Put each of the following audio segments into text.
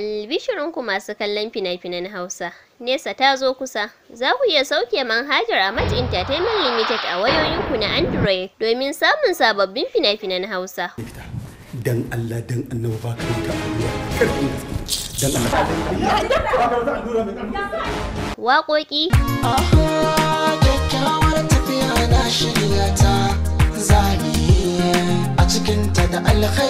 Albishirinku masu kallon fina-finan Hausa, Nesa ta zo kusa, za ku iya sauke manhajar Amat Entertainment Limited a wayoyinku na Android domin samun sababbin fina-finan Hausa. Dan Allah dan ba ka Dan Allah. Waƙoƙi. tafiya na shirya a cikinta da alkhairi.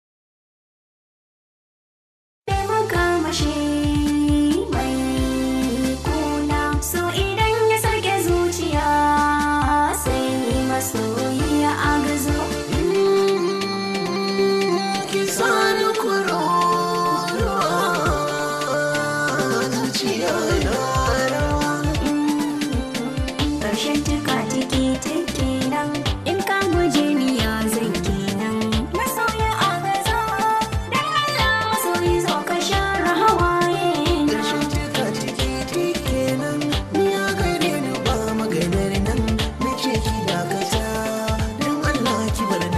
you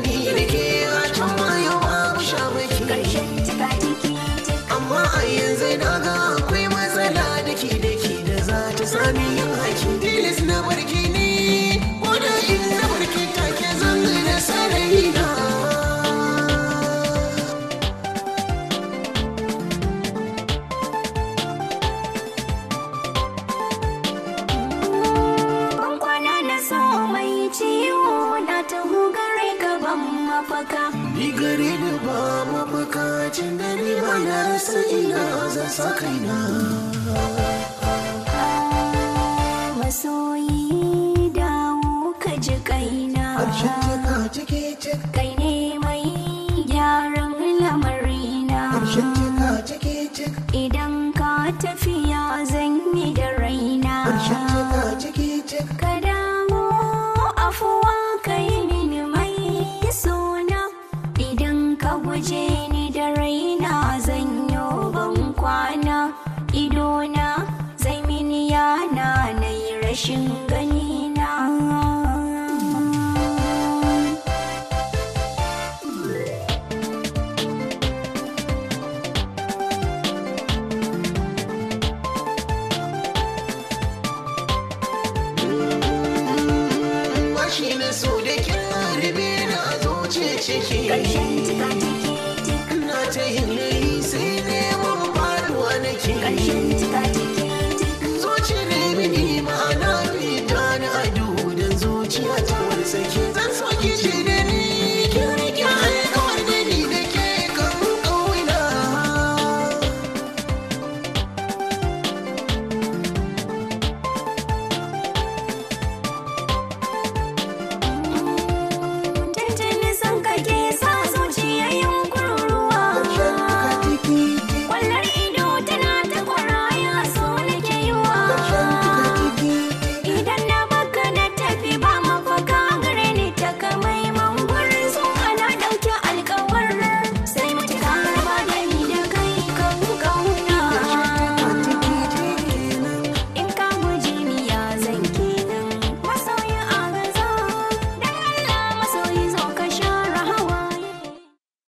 beni yine gel. mafaka ni gare da ba mafaka cin gani ba na rasa ina zan sa kaina masoyi dawo ka ji kaina harshen rashin na Washi na da na zuce ciki. Ƙarshen tika tiki. Ina ta yin sai neman faruwa nake.